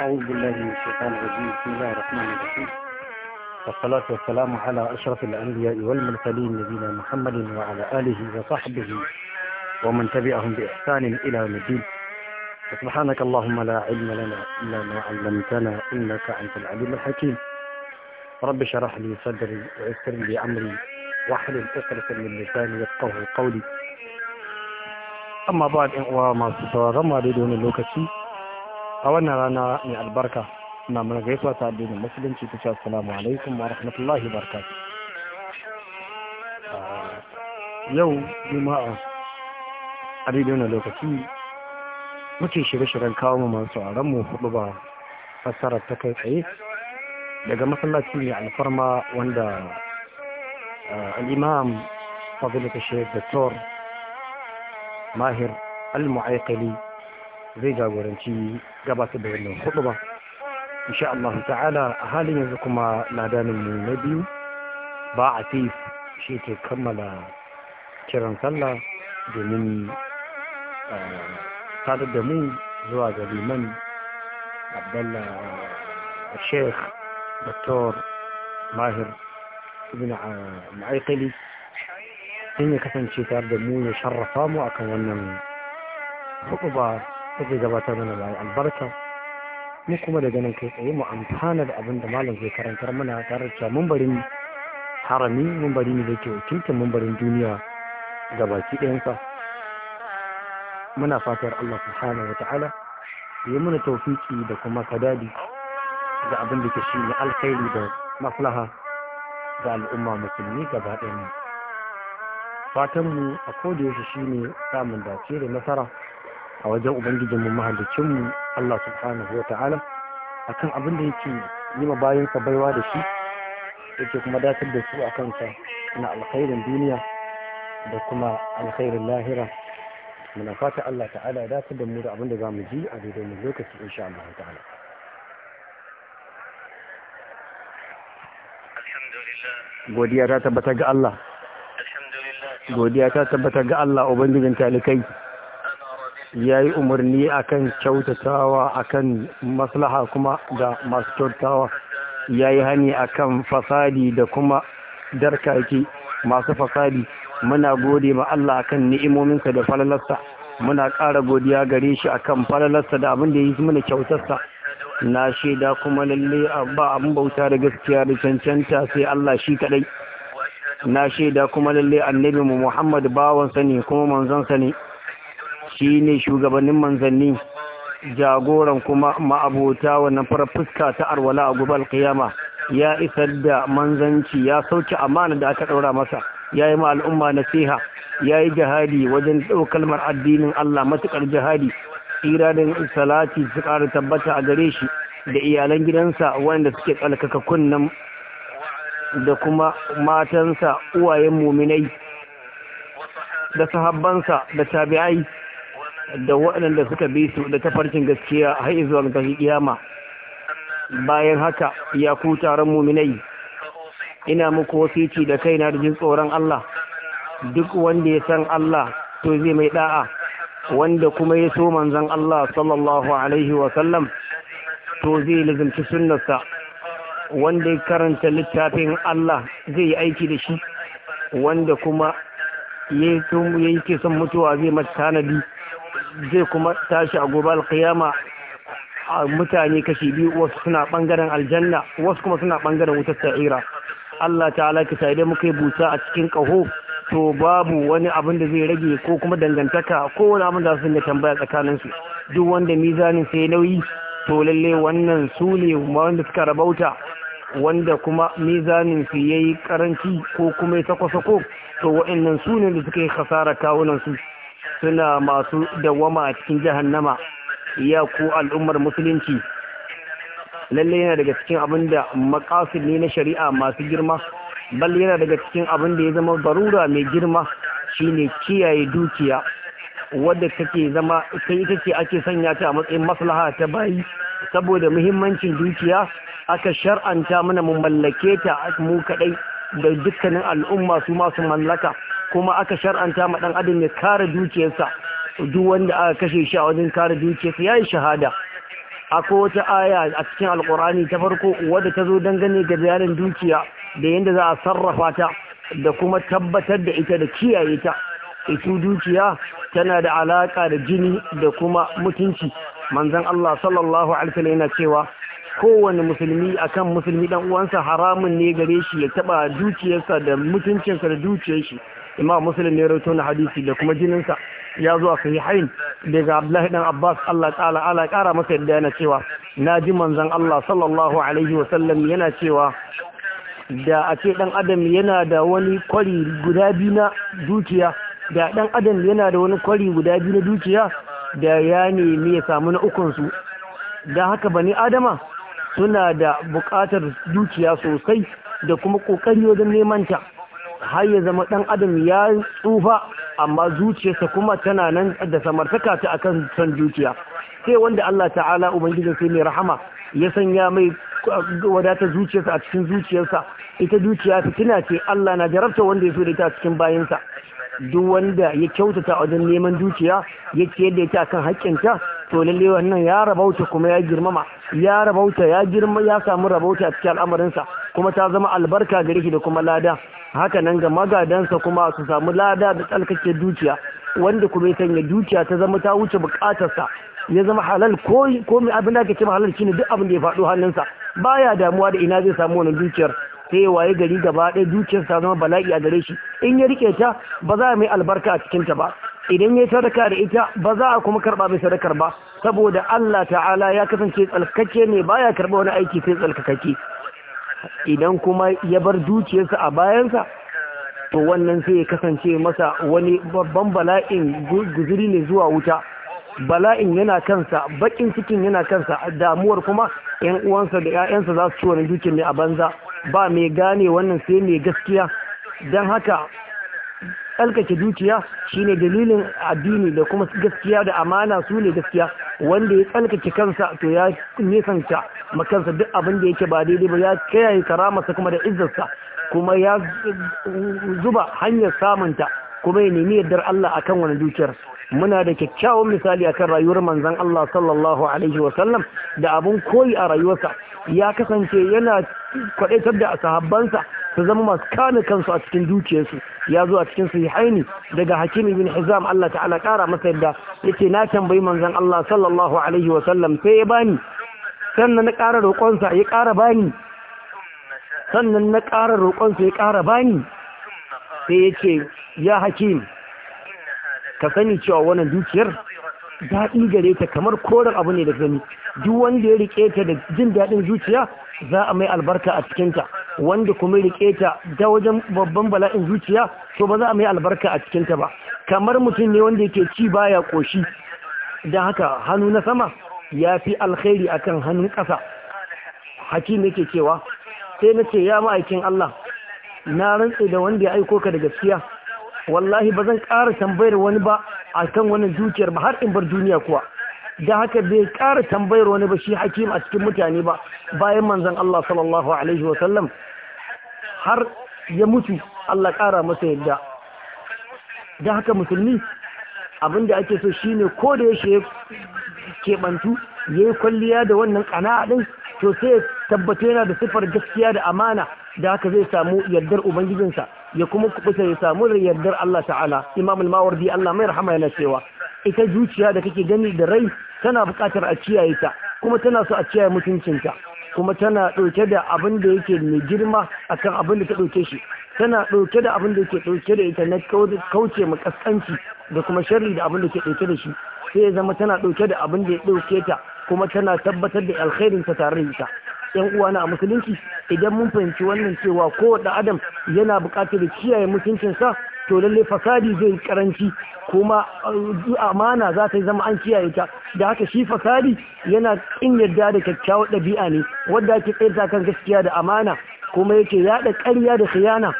أعوذ بالله من الشيطان الرجيم بسم الله الرحمن الرحيم والصلاة والسلام على أشرف الأنبياء والمرسلين نبينا محمد وعلى آله وصحبه ومن تبعهم بإحسان إلى يوم الدين سبحانك اللهم لا علم لنا إلا ما علمتنا إنك أنت العليم الحكيم رب اشرح لي صدري ويسر لي أمري واحلل عقدة من لساني يفقهوا قولي أما بعد وما سترى رمى لدون اللوكسي a wannan rana mai albarka na mana gaisuwa ta addinin musulunci ta ce assalamu alaikum wa rahmatullahi barka ah, yau juma'a a daidai na lokaci muke shirye-shiryen kawo mu masu sauraron mu hudu ba fassara ta kai tsaye daga masallaci mai alfarma wanda ah, al'imam fadilata shek doktor mahir al-mu'aikali zai jagoranci gabatar da wannan hudu ba insha Allah ta'ala a halin yanzu kuma ladanin mu na biyu ba a fi shi ke kammala kiran sallah domin eh, sadar da mu zuwa ga liman abdalla sheikh dr mahir ibn ma'aikali eh, sun ya kasance tare da mu ya sharrafa mu akan wannan hukuba suke gabatar mana da albarka mu kuma daga nan kai tsaye mu amfana da abin da malam zai karantar mana tare da mumbarin harami mumbari ne da ke wakiltar mumbarin duniya ga baki ɗayansa muna fatar Allah subhanahu wa ta'ala yi mana taufiki da kuma kadadi ga abin da ke shi ne alkhairi da maslaha ga al'umma musulmi gaba ɗaya fatanmu mu a kodayaushe ne samun dace da nasara a wajen ubangijin mu mahallicin mu Allah subhanahu wa ta'ala akan abin da yake yi ma bayansa baiwa da shi yake kuma datar da su a kansa na alkhairin duniya da kuma alkhairin lahira muna fata Allah ta'ala ya datar da mu da abin da za mu ji a daidai mu lokaci insha Allah ta'ala godiya ta tabbata ga Allah godiya ta tabbata ga Allah ubangijin talikai ya yi umarni kan kyautatawa A kan maslaha kuma da masu kyautatawa ya yi hani a kan fasadi da kuma darkaki masu fasadi muna gode ma Allah akan ni'imominsa da falalarsa muna ƙara godiya gare shi a kan falalarsa da abin da ya yi mana kyautarsa na shaida kuma lalle ba abin bauta da gaskiya da cancanta sai Allah shi kaɗai na shaida kuma lalle annabi mu Muhammad bawansa ne kuma manzonsa ne shi ne shugabannin manzanni jagoran kuma ma'abota wannan fara fuska ta arwala a gubal kiyama ya isar da manzanci ya sauki amana da aka ɗaura masa ya yi al'umma nasiha ya yi jihadi wajen kalmar addinin Allah matuƙar jihadi iranin salati su ƙara tabbata a gare shi da iyalan gidansa wanda suke tsalkaka kunnan da kuma matansa uwayen muminai da sahabbansa da tabi'ai da waɗanda suka bi su da tafarkin gaskiya har zuwa ga kiyama bayan haka ya ku taron muminai ina muku wasici da kaina da jin tsoron Allah duk wanda ya san Allah to zai mai da'a wanda kuma ya so manzon Allah sallallahu alaihi wa sallam to zai lazimci sunnarsa wanda ya karanta littafin Allah zai yi aiki da shi wanda kuma ya yi son mutuwa zai mata tanadi zai kuma tashi a gobe alkiyama a mutane kashi biyu wasu suna bangaren aljanna wasu kuma suna bangaren wutar ta'ira Allah ta'ala ki sa idan muka yi busa a cikin kaho to babu wani abin da zai rage ko kuma dangantaka ko wani abin da su dinga tambaya tsakanin su duk wanda mizanin sai nauyi to lalle wannan su ne wanda suka rabauta wanda kuma mizanin su yayi karanci ko kuma ya sako-sako to wa'annan su ne da suka yi kasara kawunan su suna masu dawama a cikin jahannama ya ko al'ummar musulunci lalle yana daga cikin abin da makasid ne na shari'a masu girma bal yana daga cikin abin da ya zama barura mai girma shine kiyaye dukiya wadda kake zama kai ita ce ake sanya ta a matsayin maslaha ta bayi saboda muhimmancin dukiya aka shar'anta mana mu mallake ta mu kadai da dukkanin al'umma su masu mallaka kuma aka shar'anta ma dan adam ya kare dukiyarsa duk wanda aka kashe shi a wajen kare dukiyarsa yayi shahada akwai wata aya a cikin alkurani ta farko wadda ta zo dangane ga bayanin dukiya da yadda za a sarrafa ta da kuma tabbatar da ita da kiyaye ta ita dukiya tana da alaka da jini da kuma mutunci manzon Allah sallallahu alaihi wasallam yana cewa kowane musulmi akan musulmi dan uwansa haramun ne gare shi ya taɓa dukiyarsa da mutuncinsa da dukiyar shi imam muslim ya rawaito na hadisi da kuma jininsa ya zo a sahihain daga abdullahi dan abbas allah ta'ala ala kara masa yadda yana cewa na ji manzon allah sallallahu alaihi wa sallam yana cewa da a ce dan adam yana da wani kwari guda biyu na dukiya da dan adam yana da wani kwari guda biyu na dukiya da ya nemi ya samu na su, da haka bani adama suna da buƙatar dukiya sosai da kuma ƙoƙari wajen neman ta har ya zama ɗan adam ya tsufa amma zuciyarsa kuma tana nan da samartaka ta akan san zuciya sai wanda Allah ta'ala ubangiji sai mai rahama ya sanya mai uh, wadatar zuciyarsa a cikin zuciyarsa ita zuciya fitina ce Allah na jarabta wanda ya so da ita a cikin bayansa duk wanda ya kyautata wajen neman zuciya ya ce yadda ita akan haƙƙinta to lalle wannan ya rabauta kuma ya girmama ya rabauta ya girma ya samu rabauta a cikin al'amarinsa kuma ta zama albarka gare shi da kuma lada haka nan ga magadansa kuma su samu lada da tsalkake dukiya wanda kuma ya sanya dukiya ta zama ta wuce bukatarsa ya zama halal ko mai abin da ake cewa halal shine duk abin da ya faɗo hannunsa baya damuwa da ina zai samu wannan dukiyar sai ya waye gari gaba ɗaya dukiyar ta zama bala'i a gare shi in ya rike ta ba za a mai albarka a cikin ta ba idan ya sadaka da ita ba za a kuma karba mai sadakar ba saboda Allah ta'ala ya kasance tsalkake ne baya karba wani aiki sai tsalkakake idan kuma ya bar dukiyarsa a bayansa to wannan sai ya kasance masa wani babban bala'in guziri ne zuwa wuta bala'in yana kansa bakin cikin yana kansa damuwar kuma yan uwansa da 'ya'yansa za su ci wani dukiyar ne a banza ba mai gane wannan sai mai gaskiya don haka tsarkake dukiya shine dalilin addini da kuma gaskiya da amana su ne gaskiya wanda ya tsarkake kansa to ya nesanta makansa duk abin da yake ba daidai ba ya kiyaye karamarsa kuma da izzarsa kuma ya zuba hanyar samunta kuma ya nemi yardar Allah akan wani dukiyar muna da kyakkyawan misali akan rayuwar manzon Allah sallallahu alaihi wa sallam da abun koyi a rayuwarsa ya kasance yana kwadaitar da sahabbansa su zama masu kame kansu a cikin dukiyarsu ya zo a cikin sahihaini daga hakimi bin hizam Allah ta'ala kara masa yadda ce na tambayi manzon Allah sallallahu alaihi wa sallam sai ya bani sannan na ƙara roƙonsa ya ƙara bani sannan na ƙara roƙonsa ya ƙara bani sai ya ce ya hakim ka sani cewa wannan dukiyar daɗi gare ta kamar koren abu ne da gani duk wanda ya riƙe ta da jin daɗin zuciya za a mai albarka a cikinta wanda kuma riƙe ta da wajen babban bala'in zuciya to ba za a mai albarka a cikinta ba kamar mutum ne wanda yake ci baya ƙoshi don haka hannu na sama ya fi alkhairi akan hannun ƙasa hakim yake cewa sai na ce ya ma'aikin Allah na rantse da wanda ya aiko ka da gaskiya wallahi ba zan ƙara tambayar wani ba akan wannan dukiyar ba har in bar duniya kuwa da haka bai ƙara tambayar wani ba shi hakim a cikin mutane ba bayan manzon Allah sallallahu alaihi wa sallam har ya mutu Allah ƙara masa yadda da haka musulmi abin da ake so shi ne ko da yaushe ya keɓantu ya yi kwalliya da wannan ƙana'a ɗin to sai ya tabbata yana da siffar gaskiya da amana da haka zai samu yardar ubangijinsa ya kuma kubuta ya samu da yardar Allah ta'ala imam al-mawardi Allah mai rahama yana cewa ita zuciya da kake gani da rai tana buƙatar a ciyaye ta kuma tana so a ciyaye mutuncinta kuma tana ɗauke da abin da yake mai girma akan abin da ta ɗauke shi tana ɗauke da abin da yake ɗauke da ita na kauce ma kaskanci da kuma sharri da abin da ke ɗauke da shi sai ya zama tana ɗauke da abin da ya ɗauke ta kuma tana tabbatar da alkhairin ta tare da ita yan uwana a musulunci idan mun fahimci wannan cewa kowane adam yana buƙatar da kiyaye mutuncinsa to lalle fasadi zai karanci kuma uh, amana za ta zama an kiyaye ta da haka shi fasadi yana kin yarda da kyakkyawar ɗabi'a ne wadda ake tsayar kan gaskiya da amana kuma yake yaɗa ƙarya da khiyana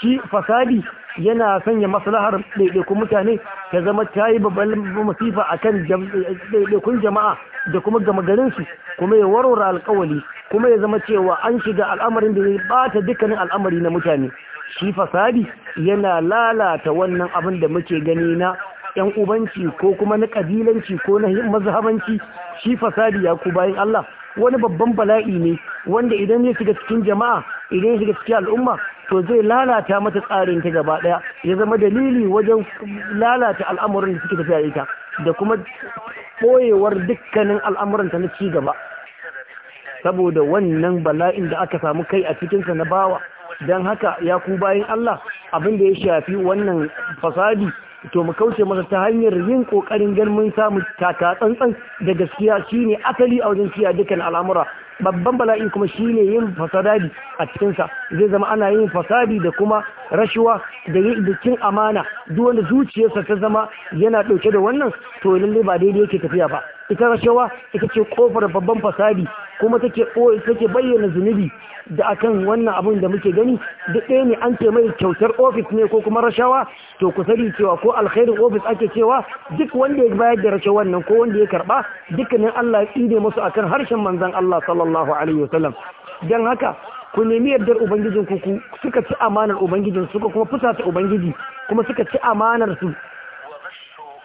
ci fasadi yana sanya maslahar ɗaiɗaikun mutane ta zama ta yi babban masifa a kan ɗaiɗaikun jama'a da kuma gama garinsu kuma ya warware alkawali kuma ya zama cewa an shiga al'amarin da ya bata dukkanin al'amari na mutane shi fasadi yana lalata wannan abin da muke gani na yan ubanci ko kuma na kabilanci ko na mazhabanci shi fasadi ya ku bayan Allah wani babban bala'i ne wanda idan ya shiga cikin jama'a idan ya shiga cikin al'umma to zai lalata mata tsarin ta gaba daya ya zama dalili wajen lalata al'amuran da suke tafiya ita da kuma boyewar dukkanin al'amuran ta na ci gaba saboda wannan bala'in da aka samu kai a cikinsa na bawa don haka ya ku bayan Allah abin da ya shafi wannan fasadi to mu kauce masa ta hanyar yin kokarin ganin samu taka tsantsan da gaskiya shine asali a wajen kiyaye dukkan al'amura babban bala'in kuma shi ne yin fasadi a cikinsa zai zama ana yin fasadi da kuma rashuwa da yin bikin amana duk wanda zuciyarsa ta zama yana ɗauke da wannan to lallai ba daidai yake tafiya ba ita rashawa ita ce kofar babban fasadi kuma take take bayyana zunubi da akan wannan abin da muke gani duk ɗaya ne an ce mai kyautar ofis ne ko kuma rashawa to ku sani cewa ko alkhairin ofis ake cewa duk wanda ya bayar da rashawa nan ko wanda ya karba dukkanin Allah ya tsine musu akan harshen manzon Allah sallallahu alaihi wasallam dan haka ku nemi yardar ubangijin ku suka ci amanar ubangijin suka kuma fusata ubangiji kuma suka ci amanar su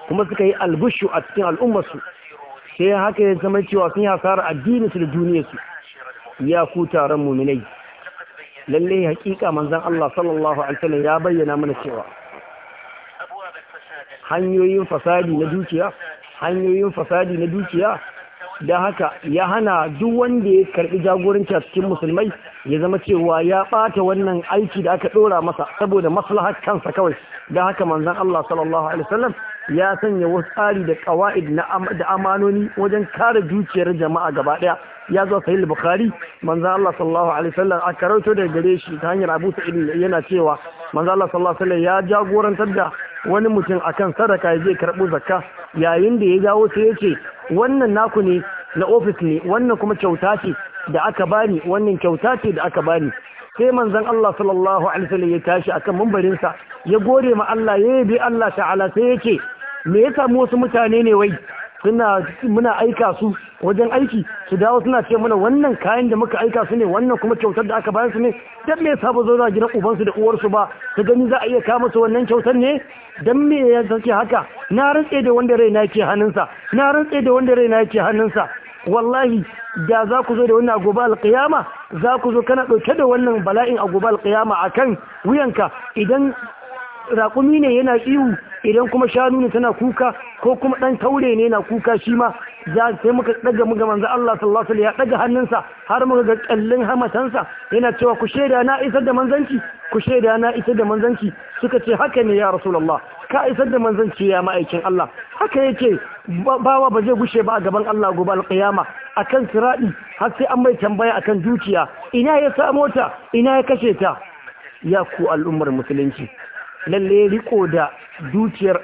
kuma suka yi albushu a cikin al'ummar su sai haka ya zama cewa sun yi hasara addinin su da duniyarsu ya ku taron muminai lalle hakika manzon Allah sallallahu alaihi ya bayyana mana cewa hanyoyin fasadi na dukiya hanyoyin fasadi na dukiya Da haka ya hana duk wanda ya karbi jagoranci a cikin musulmai ya zama cewa ya bata wannan aiki da aka ɗora masa saboda maslahar kansa kawai da haka manzon Allah sallallahu alaihi wasallam ya sanya wasu tsari da qawaid na da amanoni wajen kare dukiyar jama'a gaba daya ya zo al bukhari manzon Allah sallallahu alaihi wasallam a karanto da gare shi ta hanyar Abu Sa'id yana cewa manzon Allah sallallahu alaihi wasallam ya jagorantar da wani mutum akan sadaka ya je karɓo zakka yayin da ya dawo sai ya ce wannan naku ne na ofis ne wannan kuma kyauta ce da aka bani wannan kyauta ce da aka bani sai manzon Allah sallallahu alaihi wasallam ya tashi akan mambarin sa ya gode ma Allah ya yabi Allah ta'ala sai yake me ya samu wasu mutane ne wai suna muna aika su wajen aiki su dawo suna ce mana wannan kayan da muka aika su ne wannan kuma kyautar da aka bayar su ne dan me yasa ba zo za gidan ubansu da uwarsu ba ta gani za a iya kama su wannan kyautar ne dan me ya sake haka na rantse da wanda raina yake hannunsa na rantse da wanda raina yake hannunsa wallahi da za ku zo da wannan agoba alƙiyama za ku zo kana ɗauke da wannan bala'in agoba alƙiyama a kan wuyanka idan raƙumi ne yana ihu idan kuma shanu ne tana kuka ko kuma dan taure ne na kuka shi ma za sai muka daga muga manzo Allah sallallahu alaihi ya daga hannunsa har muka ga kallin hamatansa yana cewa ku sheda na isar da manzanci ku sheda na isar da manzanci suka ce haka ne ya rasulullah ka isar da manzanci ya ma'aikin Allah haka yake bawa ba zai gushe ba a gaban Allah gobe alƙiyama akan siradi har sai an mai tambaya akan dukiya ina ya samo ta ina ya kashe ta ya ku al'ummar musulunci lalle riko da dukiyar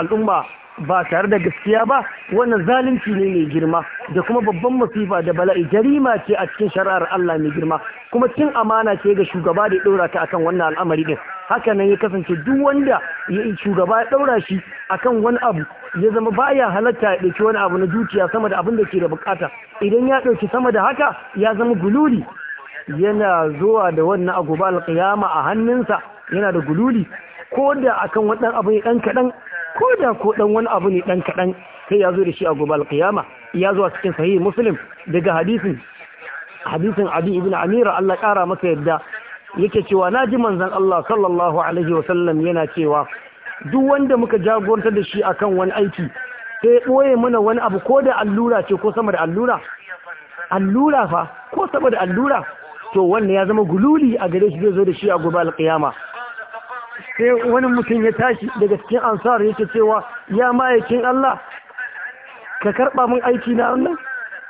al'umma ba tare da gaskiya ba wannan zalunci ne mai girma da kuma babban masifa da bala'i jarima ce a cikin shari'ar Allah mai girma kuma cin amana ce ga shugaba da ya ɗora ta akan wannan al'amari din haka nan ya kasance duk wanda ya shugaba ya ɗaura shi akan wani abu ya zama baya halatta ya ɗauki wani abu na dukiya sama da abin da ke da bukata idan ya ɗauki sama da haka ya zama gululi yana zuwa da wannan agoba alƙiyama a hannunsa yana da gululi ko da akan wadan abu ne dan kadan ko da ko dan wani abu ne dan kadan sai ya zo da shi a gobe alqiyama ya zo a cikin sahih muslim daga hadisin hadisin abi ibn amira Allah kara masa yadda yake cewa naji manzon Allah sallallahu alaihi wa sallam yana cewa duk wanda muka jagorantar da shi akan wani aiki sai ya ɓoye mana wani abu ko da allura ce ko sama da allura allura fa ko sama da allura to wannan ya zama gululi a gare shi zai zo da shi a gobe alƙiyama sai wani mutum ya tashi daga cikin ansar yake cewa ya ma'aikin Allah ka karɓa min aiki na wannan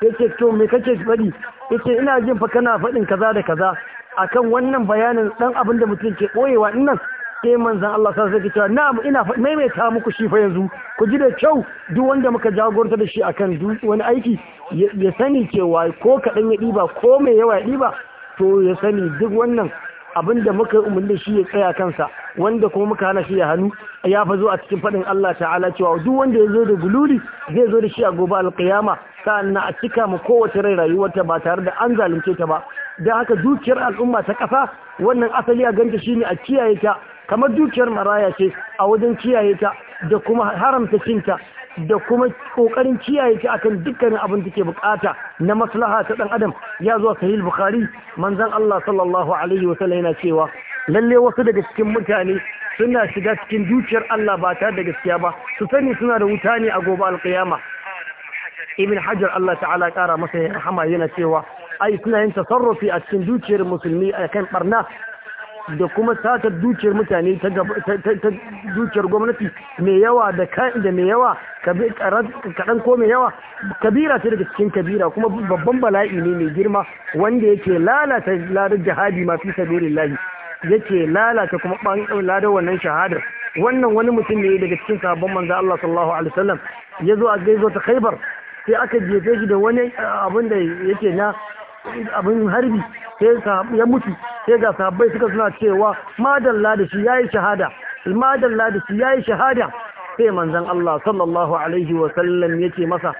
yake to me kake faɗi yace ina jin fa kana faɗin kaza da kaza akan wannan bayanin dan abin da mutum ke ɓoyewa nan sai manzan Allah sa sai cewa na'am ina maimaita muku shi fa yanzu ku ji da kyau duk wanda muka jagorta da shi akan duk wani aiki ya sani cewa ko kaɗan ya ɗiba ko mai yawa ya ɗiba to ya sani duk wannan Abin da muka umarni shi ya tsaya kansa wanda kuma muka hana shi ya hannu ya fa zo a cikin faɗin Allah ta'ala cewa duk wanda ya zo da gululi zai zo da shi a gobe alƙiyama sa'annan a cika mu kowace rai rayuwarta ba tare da an zalunce ta ba da haka dukiyar al'umma ta ƙasa wannan asali a ganta ne a kiyaye ta kamar dukiyar maraya ce a wajen kiyaye ta da kuma haramta cinta da kuma kokarin kiyaye shi akan dukkanin abin da ke bukata na maslaha ta dan adam ya zuwa sahih bukhari manzon Allah sallallahu alaihi wa sallam yana cewa lalle wasu daga cikin mutane suna shiga cikin zuciyar Allah ba ta da gaskiya ba su sani suna da wuta ne a gobe alqiyama ibn hajar Allah ta'ala kara masa rahama yana cewa ai suna yin tasarrufi a cikin zuciyar musulmi akan barna da kuma satar dukiyar mutane ta dukiyar gwamnati mai yawa da da mai yawa kaɗan ko mai yawa kabira ce daga cikin kabira kuma babban bala'i ne mai girma wanda yake lalata ladar jihadi ma fi lahi yake lalata kuma ladar wannan shahadar wannan wani mutum ne daga cikin sabon manzan Allah sallallahu alaihi wasallam ya zo a gaizo ta Khaibar sai aka jefe shi da wani abin da yake na abin harbi sai ya mutu sai ga sahabbai suka suna cewa madalla da shi yayi shahada madalla da shi yayi shahada sai manzon Allah sallallahu alaihi wa sallam yace masa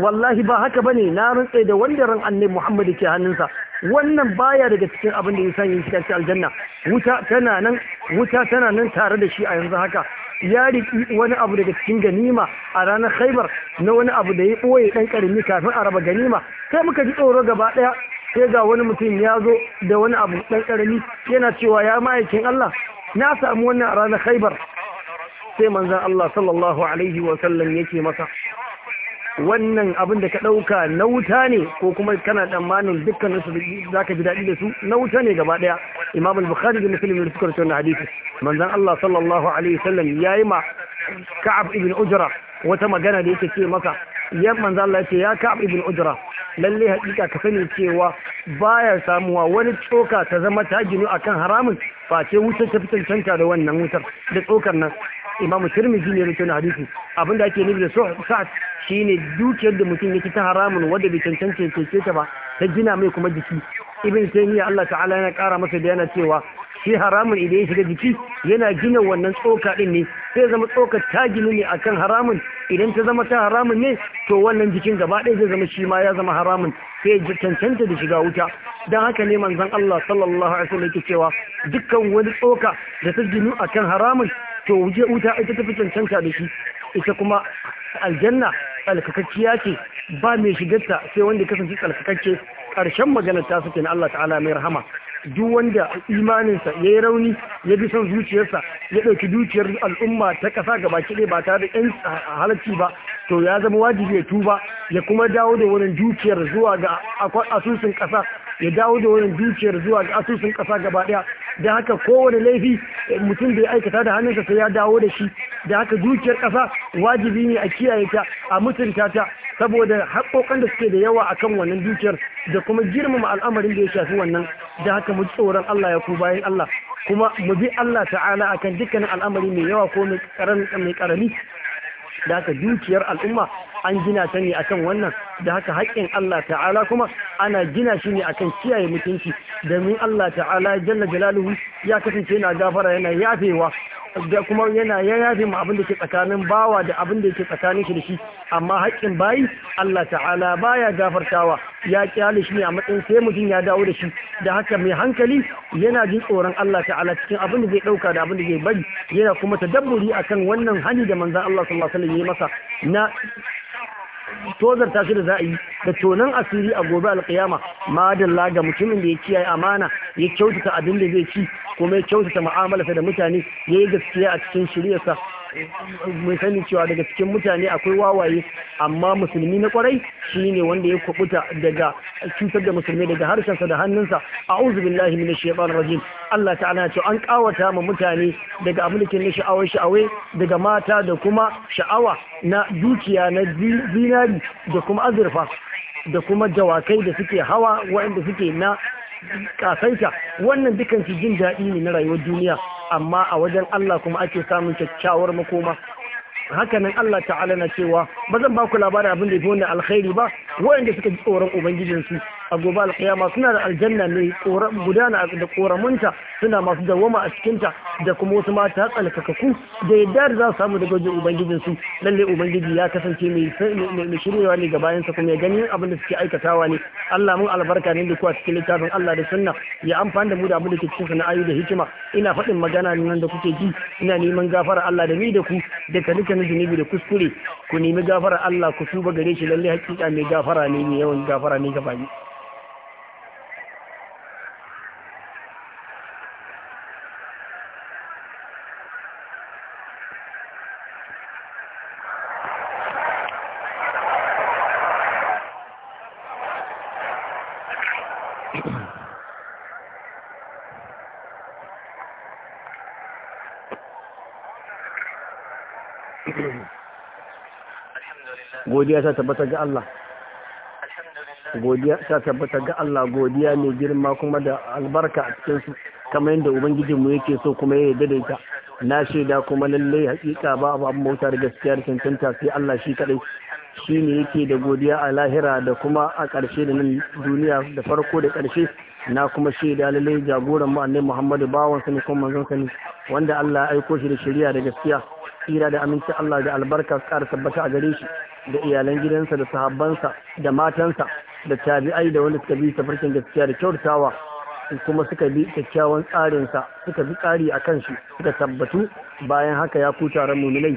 wallahi ba haka bane na rantsa da wanda ran annabi Muhammad ke hannunsa wannan baya daga cikin abin da ya sanya shi cikin aljanna wuta tana nan wuta tana nan tare da shi a yanzu haka ya riki wani abu daga cikin ganima a ranar khaibar na wani abu da ya ɓoye ɗan ƙarami kafin a raba ganima sai muka ji tsoro gaba ɗaya sai ga wani mutum ya zo da wani abu ɗan ƙarami yana cewa ya ma'aikin Allah na samu wannan a ranar khaibar sai manzan Allah sallallahu alaihi wa sallam yake masa wannan abin da ka ɗauka na wuta ne ko kuma kana tsammanin dukkanin su za ka ji daɗi da su na wuta ne gaba ɗaya imam al-bukhari da muslim da suka wannan hadisi manzon Allah sallallahu alaihi wasallam yayi ma ka'ab ibn ujra wata magana da yake ce maka ya manzon Allah ya ce ya ka'ab ibn ujra lalle hakika ka sani cewa baya samuwa wani tsoka ta zama ta ginu akan haramun face wutar ta fitar canta da wannan wutar da tsokar nan imam tirmidhi ne ya rubuta hadisi abinda ake nufi da sa'ad. shine dukiyar da mutum yake ta haramun wadda bai cancanta ya cece ta ba ta gina mai kuma jiki ibn taymiya Allah ta'ala yana kara masa da yana cewa shi haramun idan ya shiga jiki yana gina wannan tsoka din ne sai zama tsokar ta gini ne akan haramun idan ta zama ta haramun ne to wannan jikin gaba ɗaya zai zama shi ma ya zama haramun sai ya cancanta da shiga wuta Dan haka ne manzon Allah sallallahu alaihi wasallam yake cewa dukkan wani tsoka da ta ginu akan haramun to wuce wuta ita ta fi cancanta da shi ita kuma aljanna tsalkakakkiya ce ba mai shigarta sai wanda ya kasance tsalkakakke ƙarshen maganar ta suke na Allah ta'ala mai rahama duk wanda imaninsa ya yi rauni ya bi son zuciyarsa ya ɗauki dukiyar al'umma ta ƙasa gaba ɗaya ba tare da 'yan halarci ba to ya zama wajibi ya tuba ya kuma dawo da wurin dukiyar zuwa ga asusun ƙasa ya dawo da wani dukiyar zuwa ga asusun ƙasa gaba ɗaya da haka kowane laifi eh, mutum bai aikata da hannunsa sai ya dawo da shi da haka dukiyar ƙasa wajibi ne a kiyaye ta a mutunta ta saboda haƙoƙan da suke da yawa akan wannan dukiyar da kuma girmama al'amarin da ya shafi wannan da haka mu tsoron Allah ya ku bayan Allah kuma mu bi Allah ta'ala akan dukkanin al'amari mai yawa ko mai karami da haka dukiyar al'umma an gina ta ne akan wannan da haka haƙƙin Allah ta'ala kuma ana gina shi ne akan kiyaye mutunci domin Allah ta'ala jalla jalaluhu ya kasance yana gafara yana yafewa da kuma yana ya yafe mu abin da ke tsakanin bawa da abin da ke tsakanin shi da shi amma haƙƙin bayi Allah ta'ala baya gafartawa ya kyale shi ne a matsayin sai mutum ya dawo da shi da haka mai hankali yana jin tsoron Allah ta'ala cikin abin da zai dauka da abin da zai bari yana kuma tadabburi akan wannan hani da manzon Allah sallallahu alaihi wasallam ya yi masa na tozarta su da za a yi da tonan asiri a gobe alkiyama madalla ga mutumin da ya kiyaye amana ya kyautata abin da zai ci kuma ya kyautata mu'amala da mutane ya yi gaskiya a cikin shiryarsa mun sani cewa daga cikin mutane akwai wawaye amma musulmi na kwarai shi ne wanda ya kubuta daga cutar da musulmi daga harshensa da hannunsa a'udhu billahi minash shaitanir rajim Allah ta'ala ya ce an kawata ma mutane daga amulkin na sha'awai sha'awai daga mata da kuma sha'awa na dukiya na zinari da kuma azurfa da kuma jawakai da suke hawa waɗanda suke na kasanta wannan dukansu jin daɗi ne na rayuwar duniya amma a wajen Allah kuma ake samun kyakkyawar makoma hakanan Allah ta'ala na cewa ba zan ba ku labarin abin da ya fi wannan alkhairi ba waɗanda suka ji tsoron su a gobe alkiyama suna da aljanna mai gudana da koramunta suna masu dawwama a cikinta da kuma wasu mata tsalkakaku da yadda da za su samu daga wajen ubangijin su lalle ubangiji ya kasance mai shiryawa ne ga bayansa kuma ya gani abin da suke aikatawa ne Allah mun albarka ne da kuwa cikin littafin Allah da sunna ya amfani da mu da abin da ke cikin sana'ayi da hikima ina faɗin magana nan da kuke ji ina neman gafara Allah da ni da ku da dukkan zunubi da kuskure ku nemi gafara Allah ku tuba gare shi lalle hakika mai gafara ne mai yawan gafara ne bayi. godiya ta tabbata ga Allah godiya ta tabbata ga Allah godiya mai girma kuma da albarka a cikin su kamar yadda ubangijin mu yake so kuma ya yarda da ita na shaida kuma lalle hakika ba abu abin bauta da gaskiya da cancanta sai Allah shi kadai shi ne yake da godiya a lahira da kuma a karshe da nan duniya da farko da karshe na kuma shaida lalle jagoran mu annabi Muhammadu bawan kuma manzon ne wanda Allah ya aiko shi da shari'a da gaskiya tsira da aminci Allah da albarka ƙara tabbata a gare shi da iyalan gidansa da sahabbansa da matansa da tabi'ai da wanda suka bi tafarki gaskiya da kyautawa kuma suka bi kyakkyawan tsarinsa suka bi tsari a kan shi suka tabbatu bayan haka ya kuta ran muminai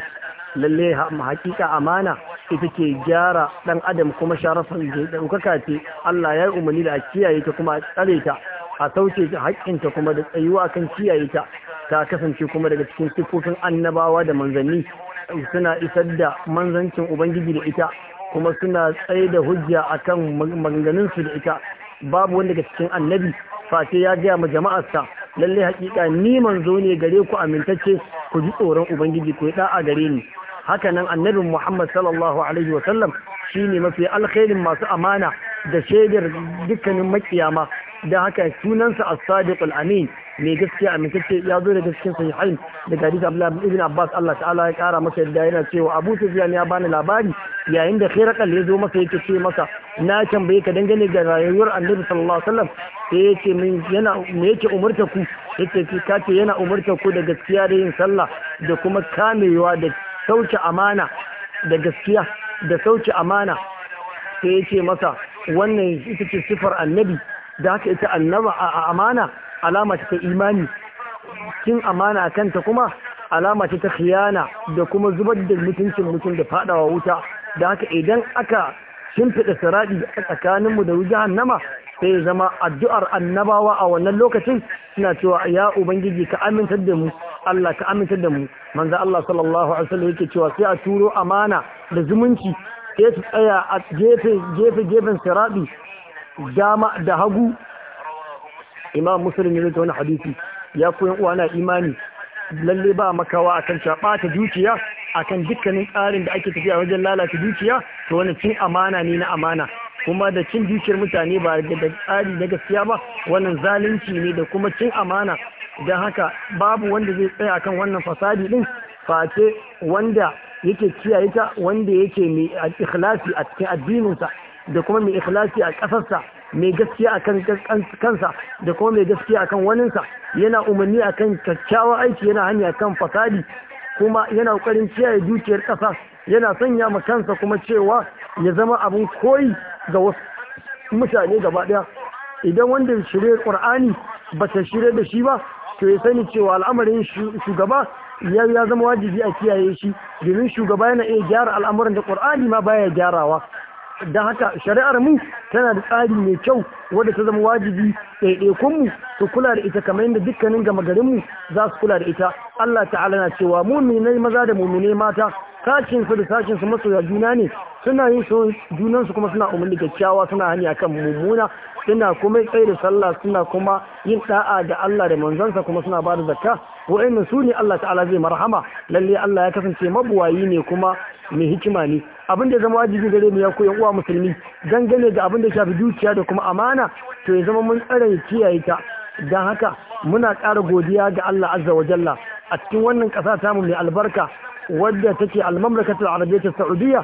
lalle hakika amana ita ke gyara dan adam kuma sharafan da ɗaukaka ce Allah ya yi umarni da a kiyaye ta kuma a tsare ta a sauke ta kuma da tsayuwa kan kiyaye ta ta kasance kuma daga cikin siffofin annabawa da manzanni suna isar da manzancin ubangiji da ita kuma suna tsaye da hujja akan maganganun su da ita babu wanda daga cikin annabi face ya gaya ma jama'arsa lalle hakika ni manzo ne gare ku amintacce ku ji tsoron ubangiji ku yi da'a gare ni haka nan annabin muhammad sallallahu alaihi wa sallam shine mafi alkhairin masu amana da shaidar dukkanin makiyama da haka sunansa as-sadiq al-amin mai gaskiya mintace ya zo da gaskiyar sahihain daga hadisi Abdullahi ibn Abbas Allah ta'ala ya kara masa yadda yana cewa Abu Sufyan ya bani labari yayin da Khairakal ya zo masa yake ce masa na tambaye ka dangane da rayuwar Annabi sallallahu alaihi wasallam sai yace min yana me yake umurta ku yace ki yana umurta ku da gaskiya da yin sallah da kuma kamewa da sauke amana da gaskiya da sauke amana sai yace masa wannan ita ce sifar annabi da haka ita annaba a amana alama ce ta imani kin amana a kanta kuma alama ce ta khiyana da kuma zubar da mutuncin mutum da fadawa wuta da haka idan aka shimfiɗa siraɗi a tsakaninmu da wujahan nama sai zama addu'ar annabawa a wannan lokacin suna cewa ya ubangiji ka amintar da mu Allah ka amintar da mu manzo Allah sallallahu alaihi wasallam yake cewa sai a turo amana da zumunci sai su tsaya a gefe gefe gefen siraɗi dama da hagu imam muslim ne da wani hadisi ya koyan uwa na imani lalle ba makawa akan ta dukiya akan dukkanin tsarin da ake tafiya wajen lalata dukiya to wani cin amana ne na amana kuma da cin dukiyar mutane ba da tsari na gaskiya ba wannan zalunci ne da kuma cin amana don haka babu wanda zai tsaya kan wannan fasadi din face wanda yake kiyaye ta wanda yake mai ikhlasi a cikin addininsa da kuma mai ikhlasi a kasarsa. mai gaskiya akan kansa da kuma mai gaskiya akan waninsa yana umarni akan kyakkyawan aiki yana hanya kan fasadi kuma yana ƙoƙarin kiyaye dukiyar ƙasa yana sanya ma kansa kuma cewa ya zama abin koyi ga wasu mutane gaba ɗaya idan wanda shirye ƙur'ani ba ta shirye da shi ba to ya sani cewa al'amarin shugaba ya zama wajibi a kiyaye shi domin shugaba yana iya gyara al'amuran da ƙur'ani ma baya gyarawa Da haka shari'ar mu tana da tsari mai kyau wadda ta zama wajibi ɗaiɗaikun mu su kula da ita kamar yadda dukkanin gama garinmu mu za su kula da ita Allah ta'ala na cewa muminai maza da muminai mata kashin su da kashin su masoya juna ne suna yin so junan kuma suna umarni kyakkyawa suna hanya kan mummuna suna kuma tsaye da sallah suna kuma yin da'a da Allah da manzansa kuma suna ba da zakka wa'annan su ne Allah ta'ala zai marhama lalle Allah ya kasance mabuwayi ne kuma mai hikima ne abin da ya zama wajibi gare mu ya koyan uwa musulmi dangane da abin da shafi dukiya da kuma amana to ya zama mun tsare kiyaye ta dan haka muna ƙara godiya ga Allah azza wa jalla a cikin wannan ƙasa mu mai albarka wadda take al-mamlakatul arabiyyah saudiyya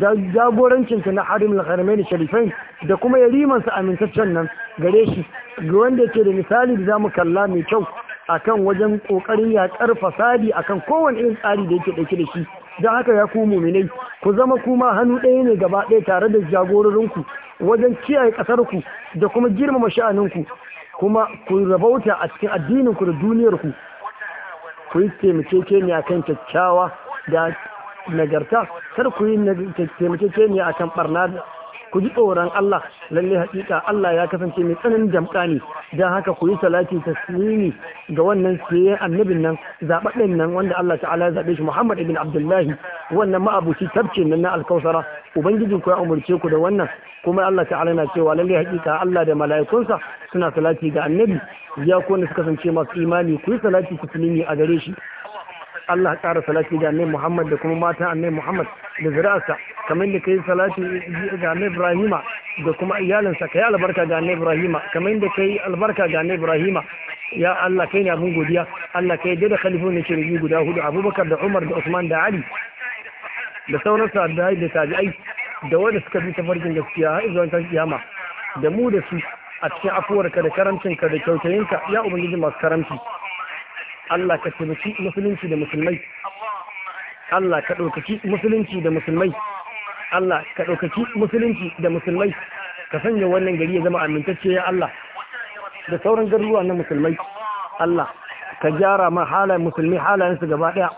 da jagorancinsa na harim al na sharifai da kuma rimansa amintaccen nan gare shi wanda ke da misali da za mu kalla mai kyau a kan wajen kokarin yakar fasadi kan kowane irin tsari da yake dauke da shi don haka ya kuma muminai ku zama kuma hannu ɗaya ne gaba ɗaya tare da jagororinku wajen kiyaye ƙasarku da kuma girmama sha'aninku kuma ku rabauta a cikin addininku da duniyarku ku yi taimakeke ne akan kyakkyawa da nagarta kar ku yi taimakekeniya kan barna ku ji tsoron Allah lalle hakika Allah ya kasance mai tsananin jam'a ne dan haka ku yi salati taslimi ga wannan siyayen annabin nan zababben nan wanda Allah ta'ala ya zaɓe shi Muhammad ibn Abdullahi wannan ma'abuci tabce nan na alkausara ubangijin ku ya umurce ku da wannan kuma Allah ta'ala na cewa lalle hakika Allah da mala'ikunsa suna salati ga annabi ya ku suka kasance masu imani ku yi salati taslimi a gare shi Allah ƙara salati ga annabi Muhammad da kuma mata annabi Muhammad da zuri'arsa kamar da kai salati ga annabi Ibrahima da kuma iyalinsa kai albarka ga annabi Ibrahima kamar da kai albarka ga annabi Ibrahima ya Allah kai ne abun godiya Allah kai da ce shirgi guda hudu Abubakar da Umar da Usman da Ali da sauran sahabbai da tabi'ai da wanda suka bi farkin gaskiya har zuwa kan kiyama da mu da su a cikin afuwarka da karamcinka da kyautayinka ya ubangiji masu karamci Allah ka taimaki musulunci da musulmai Allah ka ɗaukaki musulunci da musulmai Allah ka ɗaukaki musulunci da musulmai ka sanya wannan gari ya zama amintacce ya Allah da sauran garuruwa na musulmai Allah ka gyara ma halayen musulmi halayensu gaba ɗaya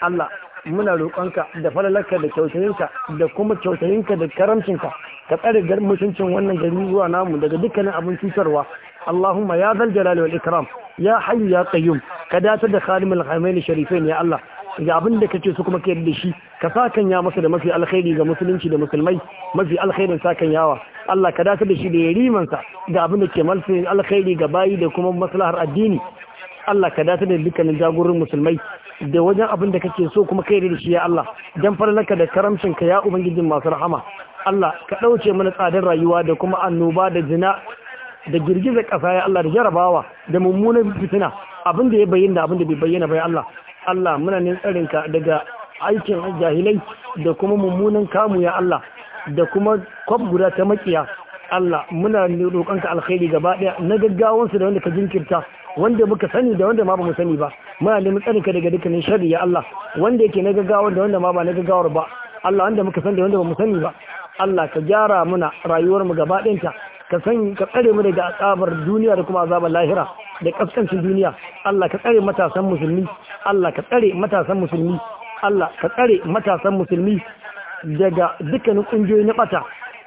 Allah muna roƙonka da falalarka da kyautayinka da kuma kyautayinka da karamcinka ka tsare mutuncin wannan gari zuwa namu daga dukkanin abin cutarwa Allahumma ya zal jalali wal ikram ya hayyu ya qayyum ka datar da khalimul hamaini sharifain ya Allah ga abin da kace su kuma ka yarda shi ka sakan ya masa da mafi alkhairi ga musulunci da musulmai mafi alkhairin sakan yawa Allah ka datar da shi da yariman sa ga abin da ke mafi alkhairi ga bayi da kuma maslahar addini Allah ka datar da dukkanin jagorin musulmai da wajen abin da kake so kuma kai da shi ya Allah dan farlaka da karamcin ka ya ubangijin masu rahama Allah ka dauce mana tsadar rayuwa da kuma annoba da zina da girgiza ƙasa ya Allah da jarabawa da mummunan fitina abin da ya bayyana abin da bai bayyana bai Allah Allah muna tsarin ka daga aikin jahilai da kuma mummunan kamu ya Allah da kuma kwab guda ta makiya Allah muna ka alkhairi gaba ɗaya na su da wanda ka jinkirta wanda muka sani da wanda ma ba mu sani ba muna neman ka daga dukkanin sharri ya Allah wanda yake na gaggawa da wanda ma ba na gaggawar ba Allah wanda muka sani da wanda ba mu sani ba Allah ka gyara muna rayuwarmu gaba ɗayanta ka san ka tsare mu daga azabar duniya da kuma azabar lahira da kaskancin duniya Allah ka tsare matasan musulmi Allah ka tsare matasan musulmi Allah ka tsare matasan musulmi daga dukkanin kungiyoyi na bata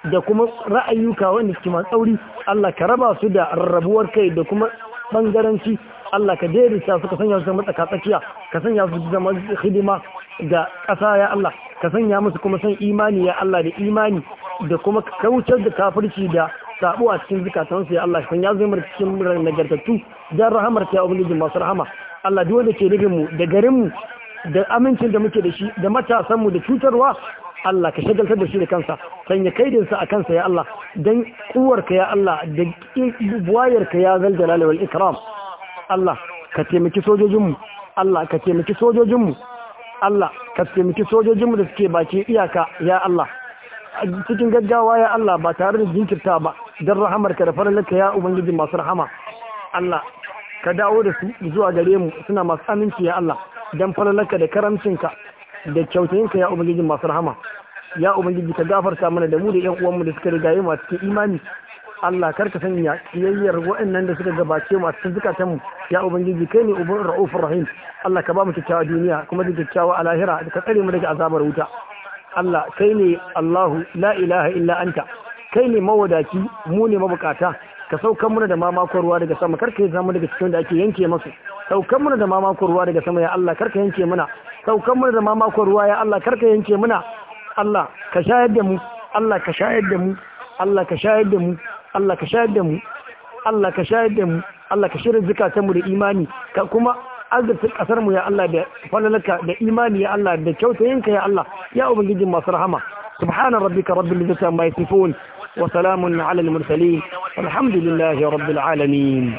da kuma ra'ayuka wanda suke masu tsauri Allah ka raba su da rarrabuwar kai da kuma bangaranci Allah ka dare su suka sanya su zama tsakatsakiya ka sanya su zama hidima da ƙasa ya Allah ka sanya musu kuma san imani ya Allah da imani da kuma kaucar da kafirci da sabu a cikin zukatansu ya Allah kan ya zumar cikin nagartattu dan rahamar ta ubangiji masu rahama Allah duk wanda ke rubin mu da garin mu da amincin da muke da shi da matasan mu da cutarwa Allah ka shagaltar da shi da kansa sanya sa a kansa ya Allah dan ka ya Allah da ka ya zal jalal wal ikram Allah ka taimaki mu Allah ka taimaki sojojinmu Allah ka taimaki sojojinmu da suke baki iyaka ya Allah cikin gaggawa ya Allah ba tare da jinkirta ba don rahamarka da faralinka ya ubangiji masu rahama Allah ka dawo da su zuwa gare mu suna masu aminci ya Allah don falalarka da ka da kyautayinka ya ubangiji masu rahama ya ubangiji ka gafarta mana da mu da yan uwanmu da suka rigaye yi a cikin imani Allah kar ka sanya kiyayyar waɗannan da suka gabace mu a cikin zukatanmu ya ubangiji kai ne ubun ra'ufur rahim Allah ka ba mu kyakkyawa duniya kuma da kyakkyawa a lahira ka tsare mu daga azabar wuta Allah kai ne Allahu la ilaha illa anta kai ne mawadaci mu ne mabukata ka saukan muna da mamakon ruwa daga sama karka yi zama daga cikin da ake yanke masu saukan muna da mamakon ruwa daga sama ya Allah karka yanke muna saukan muna da mamakon ruwa ya Allah karka yanke muna Allah ka shayar da mu Allah ka shayar da mu Allah ka shayar da mu Allah ka shayar da mu Allah ka shayar da mu Allah ka shirin ta mu da imani ka kuma azurta kasar mu ya Allah da falalaka da imani ya Allah da kyautayinka ya Allah ya ubangijin masu rahama subhana rabbika rabbil izzati amma yasifun وسلام على المرسلين والحمد لله رب العالمين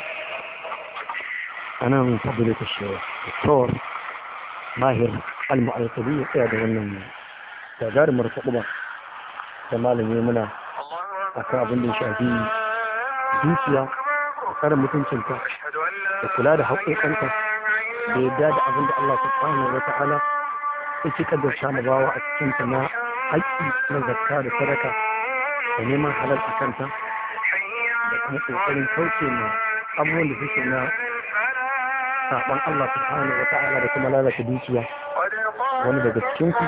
أنا من فضلة الشيخ الدكتور ماهر المعيط المعيقبي قيادة من تجار مرتقبة كمال اليمنى أكاب اللي شاهدين دوسيا أكرم متن شنك وكلاد حقيقة أنت بإبداد عند الله سبحانه وتعالى أنت كدر شام باوا أكتن سماء أي من ذكار سركه da neman halal a kanta da kuma ƙoƙarin kauce ma abubuwan da suke na saɓon Allah subhanahu wa ta'ala da kuma lalata dukiya wani daga cikin ku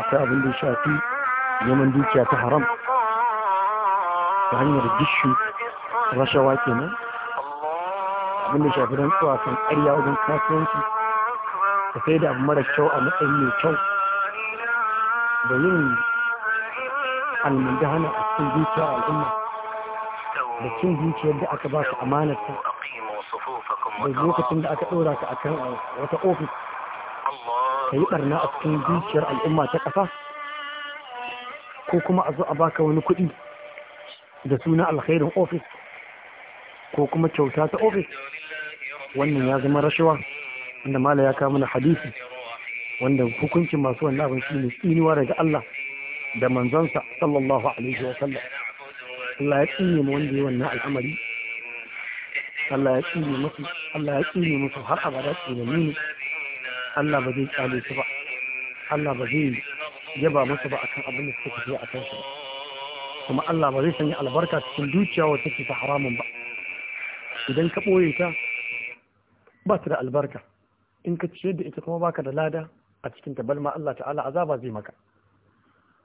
akwai abin da ya shafi neman dukiya ta haram ta hanyar gishu rashawa kenan abin da shafi don tsawa kan ƙarya wajen kasuwanci da sai da abu mara kyau a matsayin mai kyau da yin almundana a cikin zuciyar al'umma da cin zuciyar da aka ba su amanarta da lokacin da aka ɗora ka akan wata ofis ka yi ɓarna a cikin zuciyar al'umma ta ƙasa ko kuma a zo a baka wani kuɗi da suna alkhairin ofis ko kuma kyauta ta ofis wannan ya zama rashawa wanda mala ya kawo mana hadisi wanda hukuncin masu wannan abin shi ne tsiniwa daga Allah da manzonsa sallallahu alaihi wa sallam Allah ya tsine mu wanda ya wannan al'amari Allah ya tsine musu Allah ya tsine musu har abada tsine ne Allah ba zai kyale su ba Allah ba zai yaba musu ba akan abin da suka tafi a kan shi kuma Allah ba zai sanya albarka cikin dukiya wacce take ta haramun ba idan ka ɓoye ta ba ta da albarka in ka ciyar da ita kuma baka da lada a cikin ta balma Allah ta'ala azaba zai maka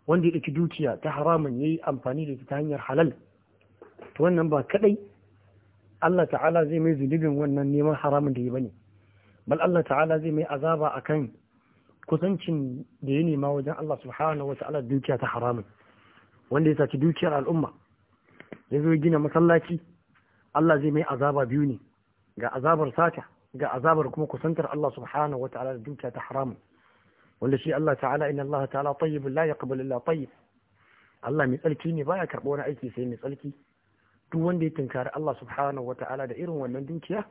wanda ya ɗauki dukiya ta haramun ya yi amfani da ita ta hanyar halal to wannan ba kaɗai Allah ta'ala zai mai zunubin wannan neman haramun da ya bane bal Allah ta'ala zai mai azaba akan kusancin da ya nema wajen Allah subhanahu wa ta'ala dukiya ta haramun wanda ya saki dukiyar al'umma ya zo gina masallaci Allah zai mai azaba biyu ne ga azabar sata ga azabar kuma kusantar Allah subhanahu wa ta'ala da dukiya ta haramun wanda shi Allah ta'ala inna Allah ta'ala tayyibun la yaqbalu illa tayyib Allah mai tsarki ne baya karɓo wani aiki sai mai tsarki duk wanda ya tunkari Allah subhanahu wa da irin wannan dukiya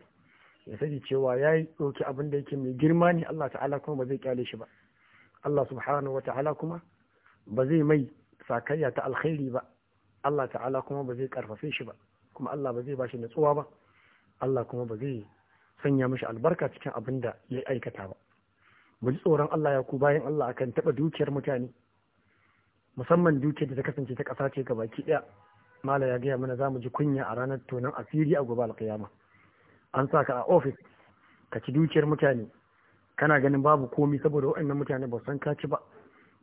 ya sani cewa ya yi ɗauki abin da yake mai girma ne Allah ta'ala kuma ba zai kyale shi ba Allah subhanahu wa kuma ba zai mai sakayya ta alkhairi ba Allah ta'ala kuma ba zai karfafe shi ba kuma Allah ba zai bashi natsuwa ba Allah kuma ba zai sanya mishi albarka cikin abin da ya aikata ba mu ji tsoron Allah ya ku bayan Allah akan taɓa dukiyar mutane musamman dukiyar da ta kasance ta ƙasa ce gabaki ɗaya mala ya gaya mana za mu ji kunya a ranar tonon asiri a gobe alƙiyama an sa ka a ofis ka ci dukiyar mutane kana ganin babu komi saboda waɗannan mutane ba san ka ci ba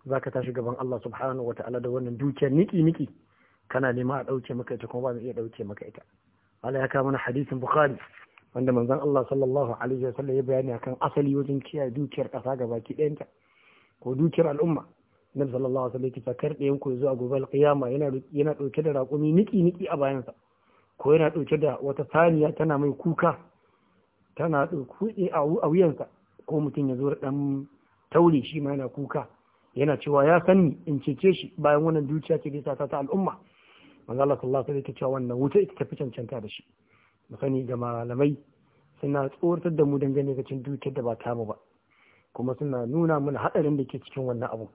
za ka tashi gaban Allah subhanahu wa ta'ala da wannan dukiyar niki niki kana nema a ɗauke maka ita kuma ba mu iya ɗauke maka ita Allah ya kawo mana hadisin Bukhari wanda manzon Allah sallallahu alaihi wa sallam ya bayani akan asali wajen kiyaye dukiyar kasa ga gabaki ɗayanta ko dukiyar al'umma Nabi sallallahu alaihi wasallam yake ya ɗayan zuwa gobe alƙiyama yana yana ɗauke da raƙumi niki niki a bayansa ko yana ɗauke da wata saniya tana mai kuka tana ɗauke a wuyansa ko mutum ya zo ɗan taure shi ma yana kuka yana cewa ya sanni in cece shi bayan wannan dukiya ce da ta al'umma manzo Allah sallallahu alaihi sallam yake cewa wannan wuta ita fi cancanta da shi mu ga malamai suna tsoratar da mu dangane ga cin dukiyar da ba mu ba kuma suna nuna mana haɗarin da ke cikin wannan abu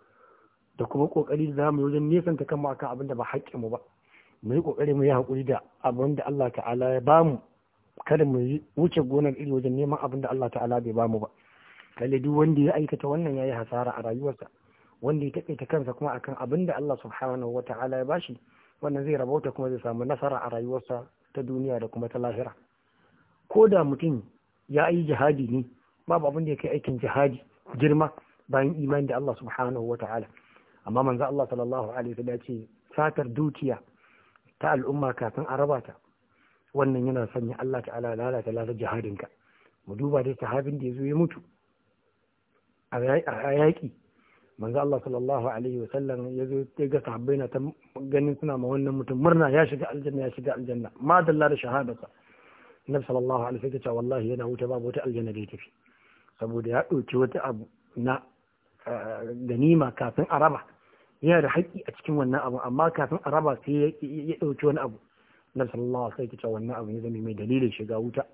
da kuma kokari da zamu yi wajen nesanta kanmu akan abin da ba haƙƙin mu ba mu yi kokari mu yi hakuri da abin da Allah ta'ala ya bamu kada mu wuce gonar iri wajen neman abin da Allah ta'ala bai bamu ba kalle duk wanda ya aikata wannan yayi hasara a rayuwarsa wanda ya takaita kansa kuma akan abin da Allah subhanahu ta'ala ya bashi wannan zai rabauta kuma zai samu nasara a rayuwarsa ta duniya da kuma ta lahira ko da mutum ya yi jihadi ne babu abin da ya kai aikin jihadi girma bayan imani da Allah subhanahu wa ta'ala amma manzo Allah sallallahu alaihi wasallam ce satar dukiya ta al'umma kafin a raba ta wannan yana sanya Allah ta'ala lalata lalata jihadinka mu duba dai sahabin da ya zo ya mutu a yaƙi manzo Allah sallallahu alaihi wa sallam ya zo ya ga sahabbai na ta ganin suna ma wannan mutum murna ya shiga aljanna ya shiga aljanna ma dalla da shahadata nabi sallallahu alaihi wa sallam wallahi yana wuta babu wata aljanna da ya tafi saboda ya dauki wata abu na ganima kafin a raba yana da haƙƙi a cikin wannan abu amma kafin a raba sai ya dauki wani abu nabi sallallahu alaihi wa sallam wannan abu ya zama mai dalilin shiga wuta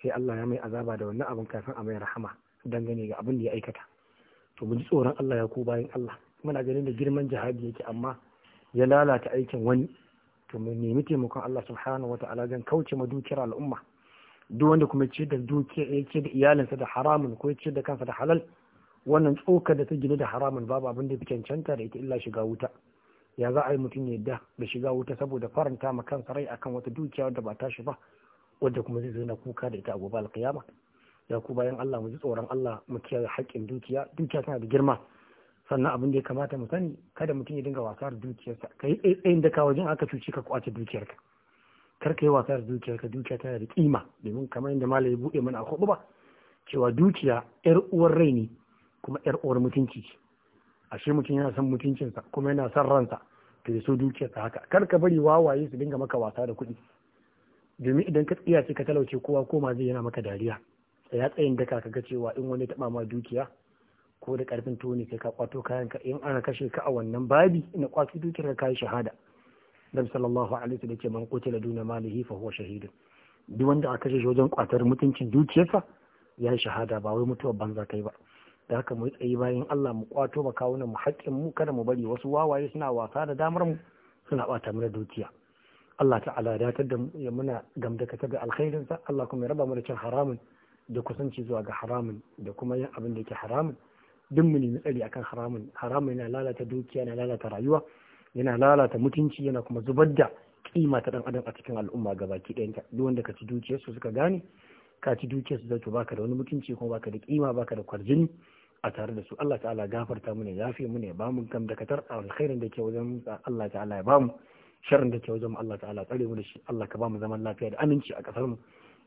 sai Allah ya mai azaba da wannan abun kafin a mai rahama dangane ga abin da ya aikata to mu ji tsoron Allah ya ku bayan Allah muna ganin da girman jihadi yake amma ya lalata aikin wani to mu nemi taimakon Allah subhanahu wataala zan kauce ma dukiyar al'umma duk wanda kuma ce da dukiyar ya ce da iyalinsa da haramun ko ya ce da kansa da halal wannan tsoka da ta gina da haramun babu abin da cancanta da ita illa shiga wuta ya za a yi mutum ya yadda da shiga wuta saboda faranta ma kansa rai akan wata dukiya wadda ba tashi ba wadda kuma zai zo kuka da ita a gobe alkiyama ya ku bayan Allah mu ji tsoron Allah mu kiyaye haƙƙin dukiya dukiya tana da girma sannan abin da ya kamata mu sani kada mutum ya dinga wasa da dukiyarsa ka yi tsayin da ka wajen aka cuci ka kwace dukiyarka kar ka yi wasa da dukiyarka dukiya tana da kima domin kamar yadda malam ya buɗe mana a kuɗu ba cewa dukiya yar uwar rai ne kuma yar uwar mutunci ce ashe mutum yana son mutuncinsa kuma yana son ransa ka ya so dukiyarsa haka kar ka bari wawaye su dinga maka wasa da kuɗi domin idan ka tsiya ce ka talauce kowa koma zai yana maka dariya ya tsayin daka kaga cewa in wani taba ma dukiya ko da karfin tuni sai ka kwato kayan ka in ana kashe ka a wannan babi ina kwato dukiyar ka kai shahada dan sallallahu alaihi wasallam ce man kutila duna malihi fa huwa shahid duk wanda aka kashe wajen kwatar mutuncin dukiyarsa ya yi shahada ba wai mutuwar banza kai ba da haka mu tsayi bayan Allah mu kwato ba kawunan mu haƙƙin mu kada mu bari wasu wawaye suna wasa da damar mu suna bata mana dukiya Allah ta'ala ya datar da mu ya ga alkhairin sa Allah kuma ya raba mu da cin haramun da kusanci zuwa ga haramun da kuma yin abin da yake haramun duk mu nemi tsari akan haramun haramun yana lalata dukiya yana lalata rayuwa yana lalata mutunci yana kuma zubar da kima ta dan adam a cikin al'umma gabaki ɗayanta duk wanda ka ci su suka gane ka ci dukiyar zai to baka da wani mutunci kuma baka da kima baka da kwarjini a tare da su Allah ta'ala gafarta mu ne yafe mu ne ba mu kam da katar alkhairin da ke wajen Allah ta'ala ya ba mu sharrin da ke wajen Allah ta'ala tsare mu da shi Allah ka ba mu zaman lafiya da aminci a kasar mu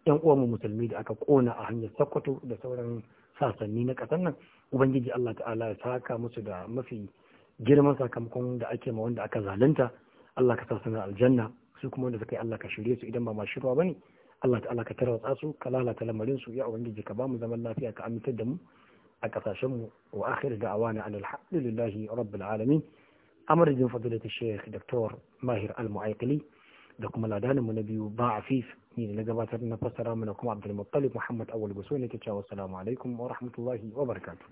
yan uwanmu musulmi da aka kona a hanyar Sokoto da sauran sasanni na ƙasar nan ubangiji Allah ta'ala ya saka musu da mafi girman sakamakon da ake ma wanda aka zalunta Allah ka sa suna aljanna su kuma wanda suka yi Allah ka shirye su idan ba ma shirwa bane Allah ta'ala ka tarwatsa su ka lalata lamarin su ya ubangiji ka bamu zaman lafiya ka amintar da mu a kasashen mu wa akhir da'awana alhamdulillahi rabbil alamin amarjin fadilatu sheikh dr mahir al-mu'aykili da kuma ladanin mu na biyu ba afif نيجي لجبات النفس رامنكم عبد المطلب محمد أول بسوني كتشا والسلام عليكم ورحمة الله وبركاته